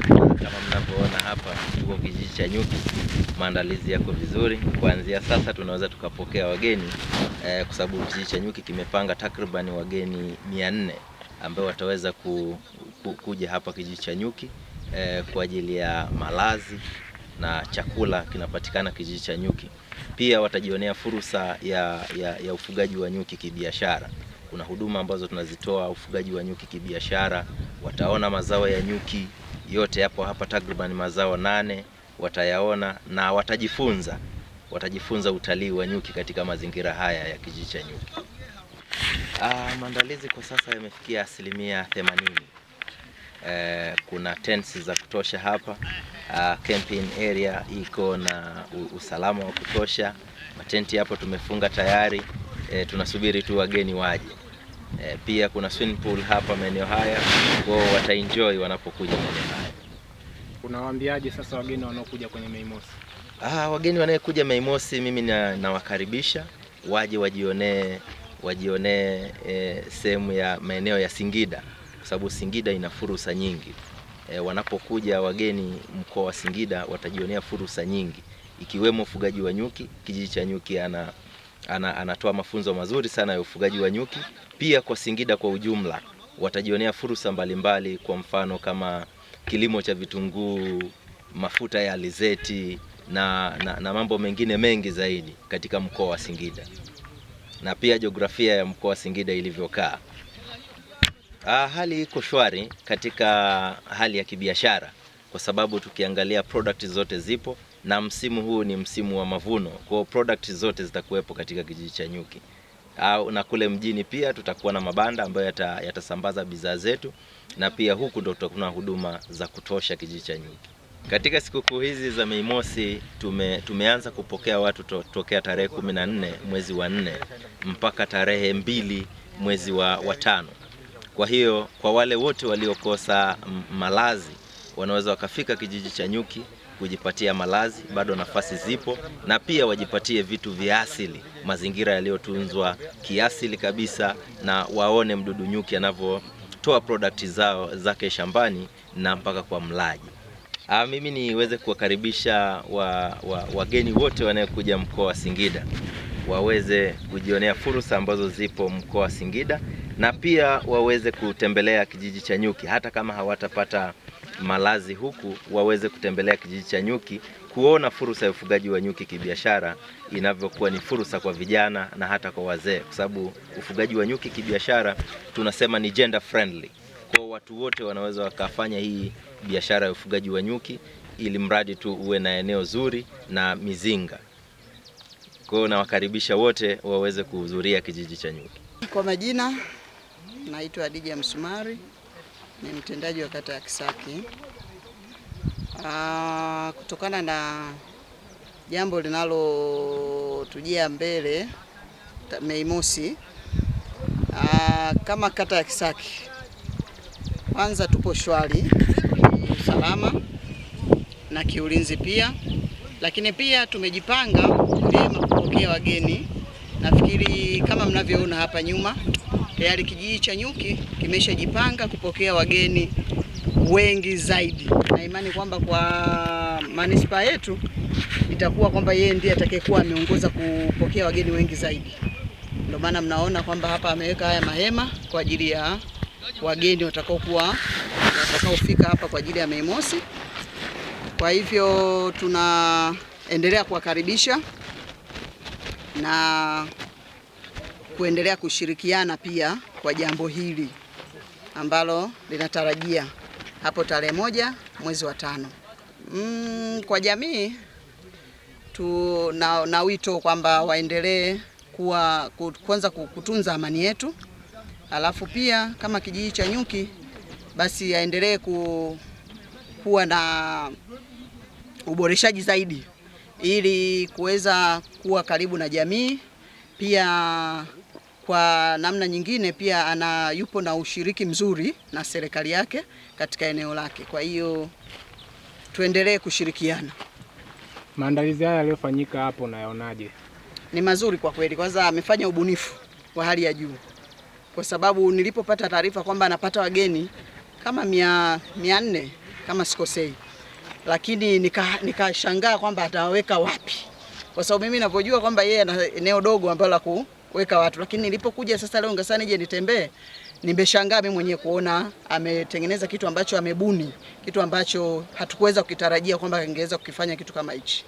Kama mnavyoona hapa, tuko kijiji cha Nyuki, maandalizi yako vizuri. Kuanzia sasa tunaweza tukapokea wageni eh, kwa sababu kijiji cha Nyuki kimepanga takriban wageni mia nne ambao wataweza ku, ku, kuja hapa kijiji cha Nyuki eh, kwa ajili ya malazi na chakula kinapatikana kijiji cha Nyuki. Pia watajionea fursa ya, ya, ya ufugaji wa nyuki kibiashara. Kuna huduma ambazo tunazitoa ufugaji wa nyuki kibiashara, wataona mazao ya nyuki yote yapo hapa, takriban mazao nane watayaona na watajifunza, watajifunza utalii wa nyuki katika mazingira haya ya kijiji cha nyuki. Ah, maandalizi kwa sasa yamefikia asilimia themanini. Eh, kuna tents za kutosha hapa. Ah, camping area iko na usalama wa kutosha. Matenti hapo tumefunga tayari. Eh, tunasubiri tu wageni waje. Eh, pia kuna swimming pool hapa maeneo haya, wao wataenjoy wanapokuja maeneo haya unawaambiaje sasa wageni wanaokuja kwenye Mei Mosi? Ah, wageni wanaokuja Mei Mosi mimi nawakaribisha na waje wajionee wajionee e, sehemu ya maeneo ya Singida kwa sababu Singida ina fursa nyingi. E, wanapokuja wageni mkoa wa Singida watajionea fursa nyingi ikiwemo ufugaji wa nyuki. Kijiji cha nyuki ana, ana, anatoa mafunzo mazuri sana ya ufugaji wa nyuki. Pia kwa Singida kwa ujumla watajionea fursa mbalimbali, kwa mfano kama kilimo cha vitunguu, mafuta ya alizeti na, na, na mambo mengine mengi zaidi katika mkoa wa Singida na pia jiografia ya mkoa wa Singida ilivyokaa. Ah, hali iko shwari katika hali ya kibiashara kwa sababu tukiangalia product zote zipo na msimu huu ni msimu wa mavuno, kwa product zote zitakuwepo katika kijiji cha nyuki au na kule mjini pia tutakuwa na mabanda ambayo yatasambaza yata bidhaa zetu, na pia huku ndo tutakuwa na huduma za kutosha kijiji cha Nyingi. Katika sikukuu hizi za Mei Mosi tume, tumeanza kupokea watu to, tokea tarehe kumi na nne mwezi wa nne mpaka tarehe mbili mwezi wa tano Kwa hiyo kwa wale wote waliokosa malazi wanaweza wakafika kijiji cha nyuki kujipatia malazi, bado nafasi zipo, na pia wajipatie vitu vya asili, mazingira yaliyotunzwa kiasili kabisa, na waone mdudu nyuki anavyotoa product zao zake shambani na mpaka kwa mlaji. Ah, mimi niweze kuwakaribisha wageni wa, wageni wote wanaokuja mkoa wa Singida waweze kujionea fursa ambazo zipo mkoa wa Singida na pia waweze kutembelea kijiji cha nyuki hata kama hawatapata malazi huku waweze kutembelea kijiji cha nyuki kuona fursa ya ufugaji wa nyuki kibiashara inavyokuwa ni fursa kwa vijana na hata kwa wazee, kwa sababu ufugaji wa nyuki kibiashara tunasema ni gender friendly, kwa watu wote wanaweza wakafanya hii biashara ya ufugaji wa nyuki, ili mradi tu uwe na eneo zuri na mizinga. Kwa hiyo nawakaribisha wote waweze kuhudhuria kijiji cha nyuki. Kwa majina naitwa Adija Msumari ni mtendaji wa kata ya Kisaki. Aa, ah, kutokana na jambo linalotujia mbele Mei Mosi, ah, kama kata ya Kisaki kwanza tupo shwari usalama na kiulinzi pia, lakini pia tumejipanga vyema kupokea wageni. Nafikiri kama mnavyoona hapa nyuma Tayari kijiji cha Nyuki kimeshajipanga kupokea wageni wengi zaidi, na imani kwamba kwa manispaa yetu itakuwa kwamba yeye ndiye atakayekuwa ameongoza kupokea wageni wengi zaidi. Ndio maana mnaona kwamba hapa ameweka haya mahema kwa ajili ya wageni watakaokuwa watakaofika hapa kwa ajili ya Mei Mosi. Kwa hivyo tunaendelea kuwakaribisha na kuendelea kushirikiana pia kwa jambo hili ambalo linatarajia hapo tarehe moja mwezi wa tano. Mm, kwa jamii tu na, na wito kwamba waendelee kuwa kwanza kutunza amani yetu, alafu pia kama kijiji cha Nyuki basi aendelee ku, kuwa na uboreshaji zaidi ili kuweza kuwa karibu na jamii pia kwa namna nyingine pia ana yupo na ushiriki mzuri na serikali yake katika eneo lake. Kwa hiyo tuendelee kushirikiana. Maandalizi haya yaliyofanyika hapo nayaonaje? Ni mazuri kwa kweli. Kwanza amefanya ubunifu wa hali ya juu, kwa sababu nilipopata taarifa kwamba anapata wageni kama mia, mia nne kama sikosei, lakini nikashangaa nika kwamba atawaweka wapi, kwa sababu mimi ninavyojua kwamba yeye ana eneo dogo ambalo la kuweka watu, lakini nilipokuja sasa leo Ngasani, je, nitembee, nimeshangaa mimi mwenyewe kuona ametengeneza kitu ambacho amebuni, kitu ambacho hatukuweza kukitarajia kwamba angeweza kukifanya kitu kama hichi.